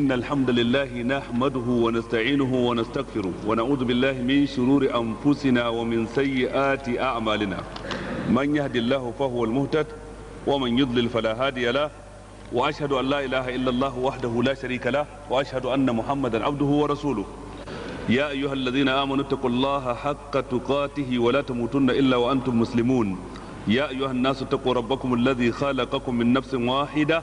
إن الحمد لله نحمده ونستعينه ونستغفره ونعوذ بالله من شرور أنفسنا ومن سيئات أعمالنا من يهد الله فهو المهتد ومن يضلل فلا هادي له وأشهد أن لا إله إلا الله وحده لا شريك له وأشهد أن محمدا عبده ورسوله يا أيها الذين آمنوا اتقوا الله حق تقاته ولا تموتن إلا وأنتم مسلمون يا أيها الناس اتقوا ربكم الذي خلقكم من نفس واحدة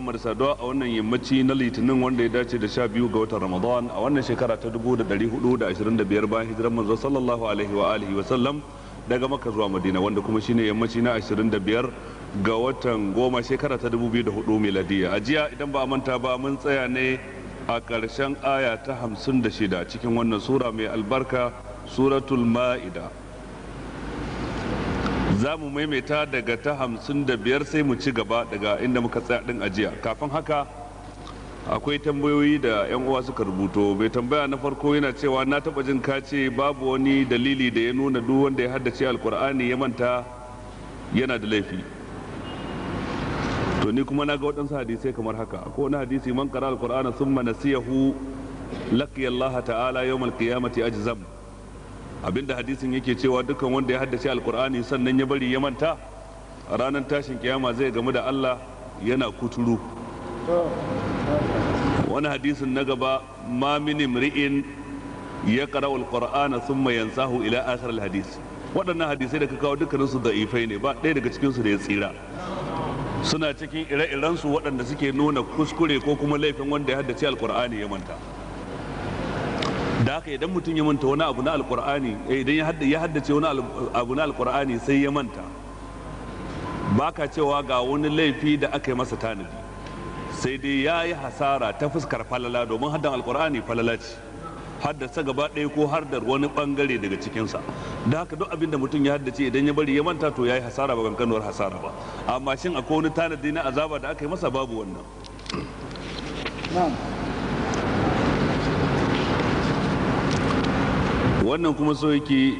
barkan mu da saduwa a wannan yammaci na litinin wanda ya dace da sha biyu ga watan ramadan a wannan shekara ta dubu da dari hudu da ashirin da biyar bayan hijirar manzo sallallahu alaihi wa alihi wa sallam daga maka zuwa madina wanda kuma shine yammaci na ashirin da biyar ga watan goma shekara ta dubu biyu da hudu miladiya a jiya idan ba a manta ba mun tsaya ne a ƙarshen aya ta hamsin da shida cikin wannan sura mai albarka suratul ma'ida za mu maimaita daga ta hamsin da biyar sai mu ci gaba daga inda muka tsaya din ajiya kafin haka akwai tambayoyi da 'yan uwa suka rubuto bai tambaya na farko yana cewa na taba jin ka ce babu wani dalili da ya nuna duk wanda ya haddace alkur'ani ya manta yana da laifi to ni kuma na ga waɗansu hadisai kamar haka ko wani hadisi man kara alkur'ana sun manasiyahu laqiya Allah ta'ala yawmal qiyamati ajzam abinda hadisin yake cewa dukkan wanda ya haddace alkur'ani sannan ya bari ya manta a ranar tashin kiyama zai gamu da Allah yana kuturu wani hadisin na gaba ma mini imri'in ya alkur'ana sun thumma yansahu ila asar alhadis waɗannan hadisai da ka kawo dukkanin su da'ifai ne ba ɗaya daga cikinsu da ya tsira suna cikin ire irensu waɗanda suke nuna kuskure ko kuma laifin wanda ya haddace alkur'ani ya manta da haka idan mutum ya manta wani abu na alkur'ani eh, idan ya haddace wani abu na alkur'ani sai ya manta baka cewa ga wani laifi da aka yi masa tanadi sai dai ya yi hasara ta fuskar falala domin haddan alkur'ani falala ce haddasa gaba ɗaya ko hardar wani bangare daga cikinsa da haka duk abin mutum ya haddace idan ya bari ya manta to ya yi hasara ba kankanuwar hasara ba amma shin akwai wani tanadi na azaba da aka yi masa babu wannan wannan kuma so yake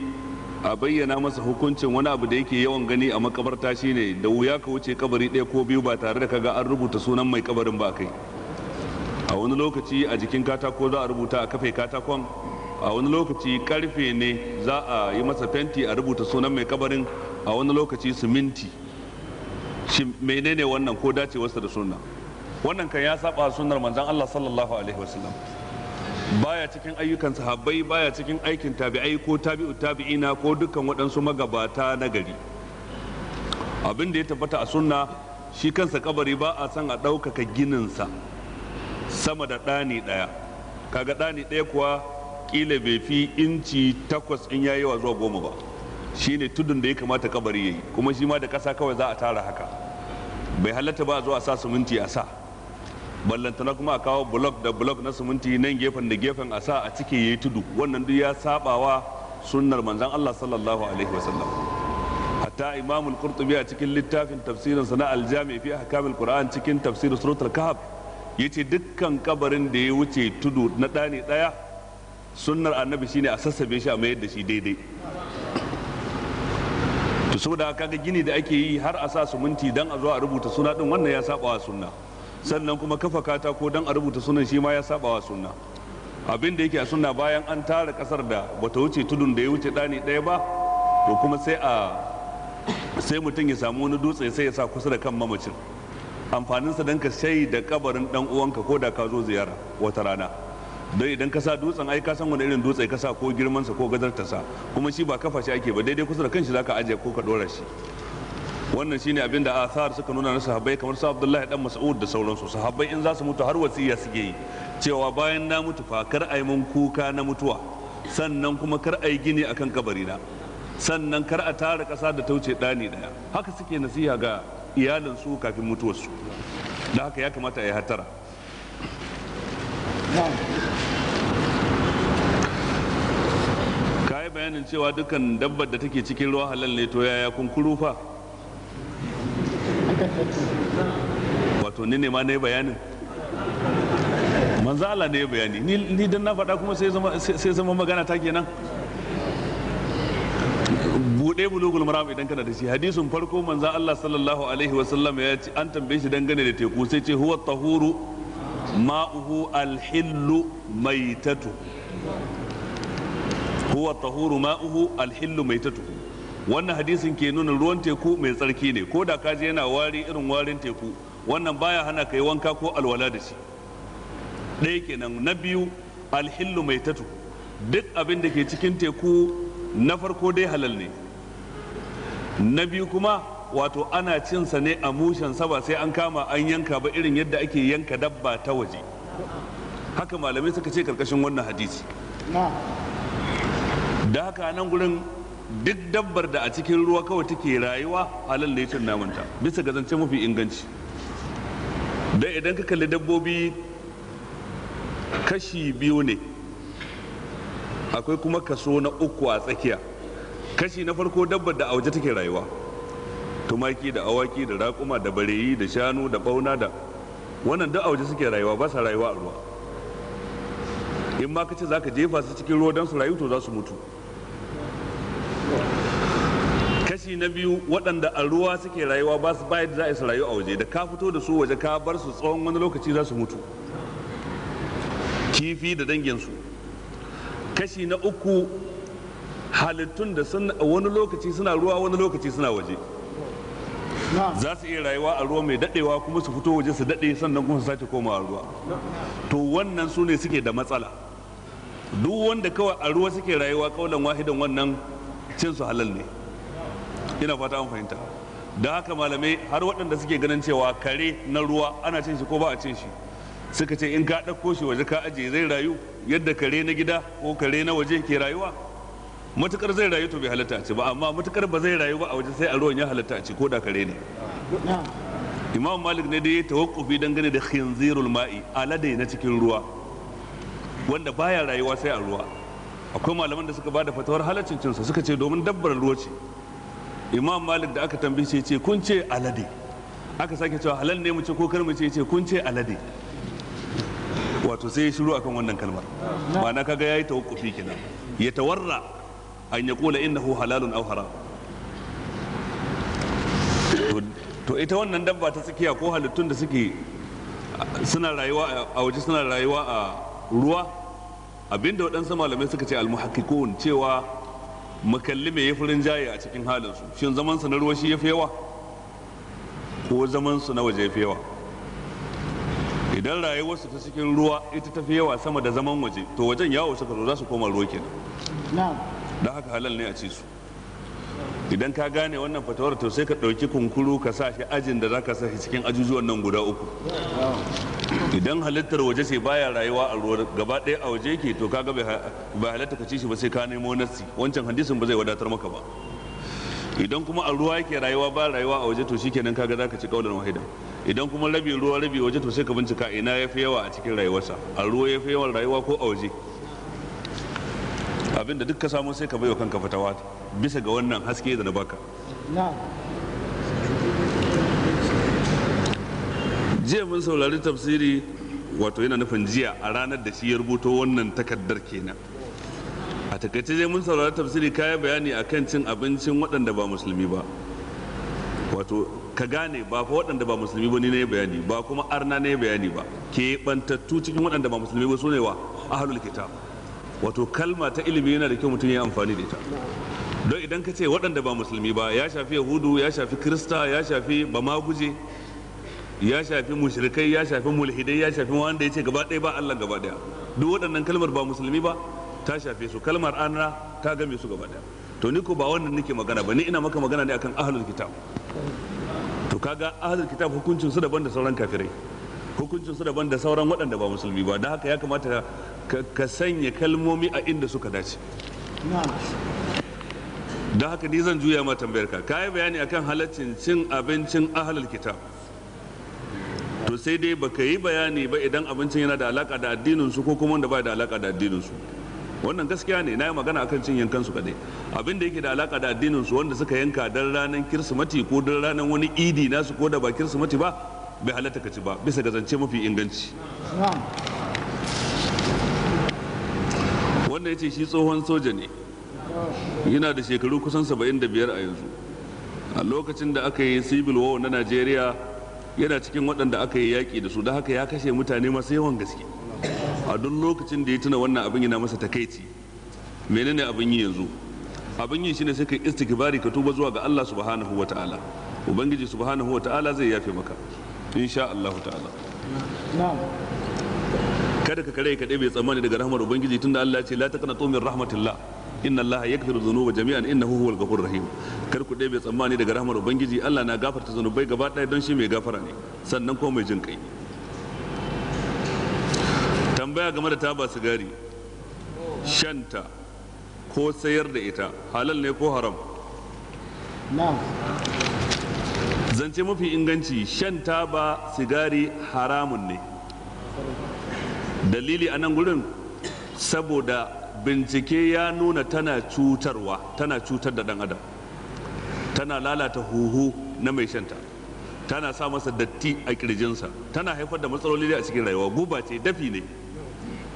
a bayyana masa hukuncin wani abu da yake yawan gani a makabarta shine da wuya ka wuce kabari ɗaya ko biyu ba tare da kaga an rubuta sunan mai kabarin ba kai a wani lokaci a jikin katako za a rubuta a kafe katakon a wani lokaci karfe ne za a yi masa fenti a rubuta sunan mai kabarin a wani lokaci siminti shi menene wannan ko dacewarsa da sunna wannan kan ya saba sunnar manzon Allah sallallahu alaihi wasallam baya cikin ayyukan sahabbai baya cikin aikin tabi'ai ko tabi'u tabi'ina ko dukkan waɗansu magabata na gari abin da ya tabbata a sunna shi kansa kabari ba a san a ɗaukaka ginin sa sama da ɗani ɗaya kaga ɗani ɗaya kuwa ƙila bai fi inci takwas in ya yi wa zuwa goma ba shi ne tudun da ya kamata kabari ya yi kuma shi ma da ƙasa kawai za a tara haka bai halatta ba a zo a sa siminti a sa ballantana kuma a kawo blok da blok na siminti nan gefen da gefen a sa a cike yi tudu wannan duk ya sabawa sunnar manzan Allah sallallahu alaihi wasallam hatta imamul qurtubi a cikin littafin tafsirin sana aljami fi ahkamil qur'an cikin tafsirin suratul kahf yace dukkan kabarin da ya wuce tudu na dani daya sunnar annabi shine a sassabe shi a mayar da shi daidai to saboda kaga gini da ake yi har a sa suminti dan a zo a rubuta suna din wannan ya sabawa sunna sannan kuma kafa katako don a rubuta sunan shi ma ya saba wa sunna abin da yake a sunna bayan an tara kasar da bata wuce tudun da ya wuce dani daya ba to kuma sai a sai mutum ya samu wani dutse sai ya sa kusa da kan mamacin amfaninsa don ka sai da kabarin dan uwanka ko da ka zo ziyara wata rana don idan ka sa dutsen ai ka san wani irin dutse ka sa ko girmansa ko ta sa kuma shi ba kafa shi ake ba daidai kusa da kanshi zaka ajiye ko ka dora shi wannan shine abin da athar suka nuna na sahabbai kamar su abdullahi dan mas'ud da sauransu sahabbai in za su mutu har wasiya suke yi cewa bayan na mutu fa kar ai mun kuka na mutuwa sannan kuma kar ai gini akan kabari na sannan kar a tara kasa da tauce dani daya haka suke nasiha ga iyalin su kafin mutuwarsu da haka ya kamata a yi hatara ka yi bayanin cewa dukan dabbar da take cikin ruwa halal ne to yaya kunkuru fa wato ni ne ma na yi bayanin manzo Allah ne ya bayani ni dan na faɗa kuma sai zama sai zama magana ta kenan bude bulugul maram idan kana da shi hadisin farko manzo Allah sallallahu alaihi wa sallam ya ce an tambaye shi dangane da teku sai ce huwa tahuru ma'uhu alhillu maitatu huwa tahuru ma'uhu alhillu maitatu wannan hadisin ke nuna ruwan teku mai tsarki ne ko da ka je yana wari irin warin teku wannan baya hana ka yi wanka ko alwala da shi ɗaya kenan na biyu alhillu mai tatu duk abin da ke cikin teku na farko dai halal ne na biyu kuma wato ana cinsa ne a mushensa ba sai an kama an yanka ba irin yadda ake yanka dabba ta waje haka malamai suka ce karkashin wannan hadisi da haka nan gurin duk dabbar da a cikin ruwa kawai take rayuwa halal ne cin namanta bisa ga zance mafi inganci dan idan ka kalli dabbobi kashi biyu ne akwai kuma kaso na uku a tsakiya kashi na farko dabbar da a waje take rayuwa tumaki da awaki da raƙuma da bareyi da shanu da bauna da wannan duk a waje suke rayuwa ba sa rayuwa a ruwa in ma ka ce za ka jefa su cikin ruwa don su rayu to za su mutu kashi na biyu waɗanda a ruwa suke rayuwa ba su bayar da za a su rayu a waje da ka fito da su waje ka bar su tsawon wani lokaci za su mutu kifi da danginsu kashi na uku halittun da wani lokaci suna ruwa wani lokaci suna waje za su iya rayuwa a ruwa mai daɗewa kuma su fito waje su daɗe sannan kuma su sake komawa ruwa to wannan su ne suke da matsala duk wanda kawai a ruwa suke rayuwa kaulan wahidan wannan cin su halal ne ina fata an fahimta da haka malamai har waɗanda suke ganin cewa kare na ruwa ana cin shi ko ba a cin shi suka ce in ka ɗauko shi waje ka ajiye zai rayu yadda kare na gida ko kare na waje ke rayuwa matukar zai rayu to bai halatta ci ba amma matukar ba zai rayu ba a waje sai a ruwan ya halatta ci ko da kare ne imam malik ne da ya tawakkufi dangane da khinzirul ma'i alade na cikin ruwa wanda baya rayuwa sai a ruwa akwai malaman da suka bada fatawar halaccin cinsa suka ce domin dabbar ruwa ce imam malik da aka tambaye shi ce kun ce alade aka sake cewa halal ne mu ce ko kar mu ce ce kun ce alade wato sai ya shiru akan wannan kalmar ma'ana kaga yayi tawakkufi kenan ya tawarra an ya kula innahu halalun aw haram to ita wannan dabba ta tsakiya ko halittun da suke suna rayuwa a waje suna rayuwa a ruwa abinda waɗansu malamai suka ce almuhakkikun cewa mu kalli me yafi rinjaye a cikin halinsu, su shin zaman su na ruwa shi ya fi yawa ko zaman su na waje ya fi yawa idan rayuwar su ta cikin ruwa ita ta fi yawa sama da zaman waje to wajen yawo suka zo za su koma ruwa kenan da haka halal ne a ci su idan ka gane wannan fatawar to sai ka ɗauki kunkuru ka sa shi ajin da za ka sa shi cikin ajujuwan nan guda uku idan halittar waje sai baya rayuwa a ruwa gaba ɗaya a waje ke to kaga bai halatta ka ci shi ba sai ka nemo nassi wancan hadisin ba zai wadatar maka ba idan kuma a ruwa yake rayuwa ba rayuwa a waje to shikenan kaga za ka ci kaudar wahida idan kuma rabi ruwa rabi waje to sai ka bincika ina ya fi yawa a cikin rayuwarsa a ruwa ya fi yawan rayuwa ko a waje abinda duk ka samu sai ka baiwa kanka fatawa bisa ga wannan haske da na baka jiya mun saurari tafsiri wato yana nufin jiya a ranar da shi ya rubuto wannan takardar kenan a takaice zai mun saurari tafsiri kaya bayani akan cin abincin waɗanda ba musulmi ba wato ka gane ba fa waɗanda ba musulmi ba ni ne bayani ba kuma arna ne bayani ba ke bantattu cikin waɗanda ba musulmi ba su ne wa ahalul kitab wato kalma ta ilimi yana da kyau mutum ya amfani da ita don idan ka ce waɗanda ba musulmi ba ya shafi yahudu ya shafi krista ya shafi bamaguje ya shafi mushrikai ya shafi mulhidai ya shafi wanda ya ce gaba ɗaya ba allah gaba ɗaya duk waɗannan kalmar ba musulmi ba ta shafe su kalmar anra ta game su gaba ɗaya to ni ko ba wannan nake magana ba ni ina maka magana ne akan ahlul kitab to kaga ahlul kitab hukuncin su daban da sauran kafirai hukuncin su daban da sauran waɗanda ba musulmi ba don haka ya kamata ka sanya kalmomi a inda suka dace don haka ni zan juya ma tambayar ka kayi bayani akan halaccin cin abincin ahalar kitab to sai dai baka yi bayani ba idan abincin yana da alaka da addinin su ko kuma wanda ba da alaka da addinin su wannan gaskiya ne na yi magana akan cin yankan su kadai abin da yake da alaka da addinin su wanda suka yanka dan ranar kirsimati ko dan ranar wani idi nasu ko da ba kirsimati ba bai halatta ka ci ba bisa ga zance mafi inganci tunda ya ce shi tsohon soja ne yana da shekaru kusan 75 a yanzu a lokacin da aka yi civil war na najeriya yana cikin waɗanda aka yi yaƙi da su da haka ya kashe mutane masu yawan gaske a duk lokacin da ya tuna wannan abin yana masa takaici menene abin yi yanzu abin yi shine sai ka istikbari ka tuba zuwa ga Allah subhanahu wa ta'ala ubangiji subhanahu wa ta'ala zai yafe maka insha Allah ta'ala kada ka kare ka ɗebe tsammani daga rahmar ubangiji tunda Allah ce la takana min rahmatillah inna Allah yaghfiru dhunuba jami'an innahu huwal ghafurur rahim kar ku ɗebe tsammani daga rahmar ubangiji Allah na gafarta zanubai gaba ɗaya don shi mai gafara ne sannan ko mai jin kai tambaya game da taba sigari shanta ko sayar da ita halal ne ko haram zance mafi inganci shan taba sigari haramun ne dalili a nan gurin saboda bincike ya nuna tana cutarwa tana cutar da dan adam tana lalata huhu na mai shanta tana sa masa datti a kirjinsa tana haifar da matsaloli a cikin rayuwa guba ce dafi ne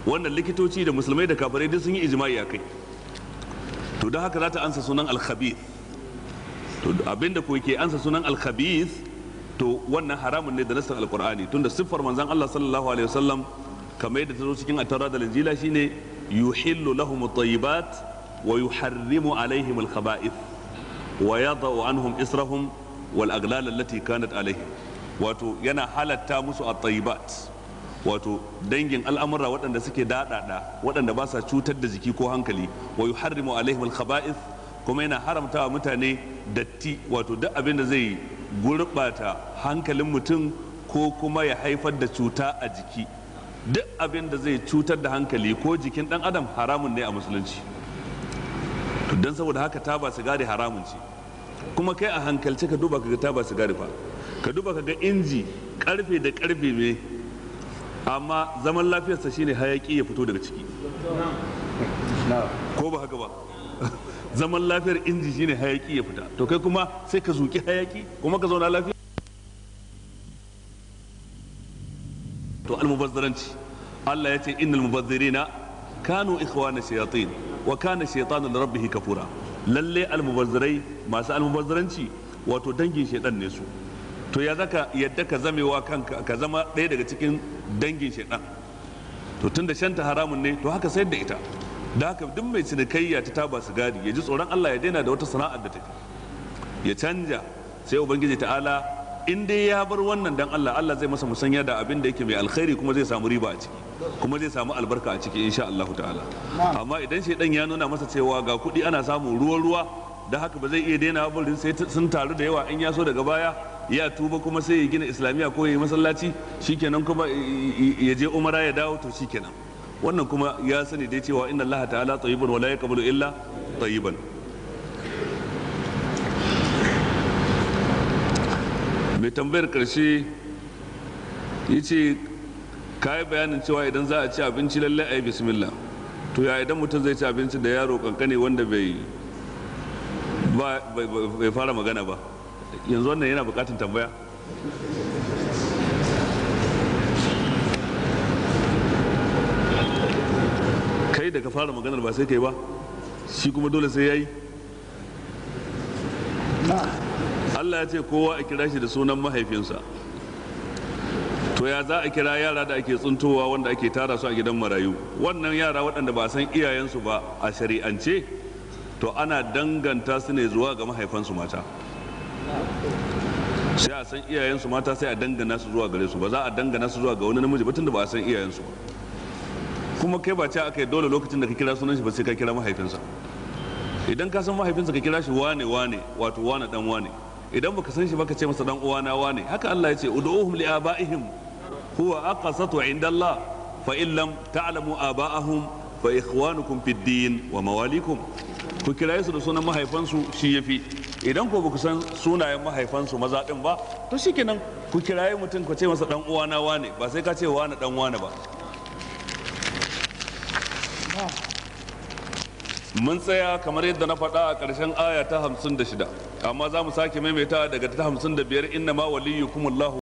wannan likitoci da musulmai da kafirai duk sun yi ijma'i a kai to don haka za ta ansa sunan alkhabith to abinda ko ke ansa sunan alkhabith to wannan haramun ne da nasar alkur'ani tunda siffar manzon Allah sallallahu alaihi wasallam kamar yadda ta zo cikin atara da linjila shine yuhillu lahum at-tayyibat wa yuharrimu alaihim al-khaba'ith wa yadau anhum israhum wal aglal allati kanat alaihim wato yana halatta musu at-tayyibat wato dangin al'amura waɗanda suke daɗaɗa waɗanda ba sa cutar da jiki ko hankali wa yuharrimu alaihim al-khaba'ith kuma yana haramtawa mutane datti wato duk abin da zai gurɓata hankalin mutum ko kuma ya haifar da cuta a jiki duk abin da zai cutar da hankali ko jikin dan adam haramun ne a musulunci to don saboda haka taba sigari haramun ce kuma kai a hankalce ka duba kaga taba sigari fa ka duba kaga inji karfe da karfe ne amma zaman lafiyarsa shine hayaki ya fito daga ciki ko ba haka ba zaman lafiyar inji shine hayaki ya fita to kai kuma sai ka zuki hayaki kuma ka zauna lafiya almubazzaranci Allah ya ce innal mubazzirina kanu ikhwana shayatin wa kana shaytanu li rabbih kafura lalle almubazzirai masu almubazzaranci wato dangin shaytan ne su to ya zaka yadda ka zamewa kanka ka zama ɗaya daga cikin dangin shaytan to tunda shanta haramun ne to haka sai da ita da haka duk mai cinikayya ta taba sigari ya ji tsoron Allah ya daina da wata sana'ar da take ya canja sai ubangiji ta'ala in dai ya bar wannan dan Allah Allah zai masa musanya da abin da yake mai alkhairi kuma zai samu riba a ciki kuma zai samu albarka a ciki insha Allah ta'ala amma idan dan ya nuna masa cewa ga kudi ana samu ruwa ruwa da haka ba zai iya daina burin sai sun taru da yawa in ya so daga baya ya tuba kuma sai ya gina islamiya ko ya yi masallaci shikenan kuma ya je umara ya dawo to shikenan wannan kuma ya sani dai cewa inna Allah ta'ala tayyibun wala la yaqbalu illa tayyiban mai tambayar karshe ya ce ka yi bayanin cewa idan za a ci abinci lallai a yi bismillah to ya idan mutum zai ci abinci da yaro kankane wanda bai bai fara magana ba yanzu wannan yana bukatun tambaya kai da ka fara maganar ba sai kai ba shi kuma dole sai ya yi Allah ya ce kowa a kira shi da sunan mahaifinsa to ya za a kira yara da ake tsuntowa wanda ake tara su a gidan marayu wannan yara waɗanda ba san iyayensu ba a shari'ance to ana danganta su ne zuwa ga mahaifansu mata sai a san iyayensu mata sai a dangana su zuwa gare su ba za a dangana su zuwa ga wani namiji ba tunda ba a san iyayensu ba kuma kai ba ce aka yi dole lokacin da ka kira sunan shi ba sai ka kira mahaifinsa idan ka san mahaifinsa ka kira shi wane wane wato wane dan wane idan baka san shi baka ce masa dan na wane haka Allah ya ce ud'uhum li abaihim huwa aqsatu inda Allah fa in lam ta'lamu abaahum fa ikhwanukum fid din wa mawalikum ku kiraye su da sunan mahaifansu shi yafi idan ko baku san sunayen mahaifansu maza din ba to shikenan ku kiraye mutum ku ce masa dan na wane ba sai ka ce na dan wane ba mun tsaya kamar yadda na faɗa a ƙarshen aya ta hamsin da shida amma za mu sake maimaita daga ta hamsin biyar inna ma kuma Allah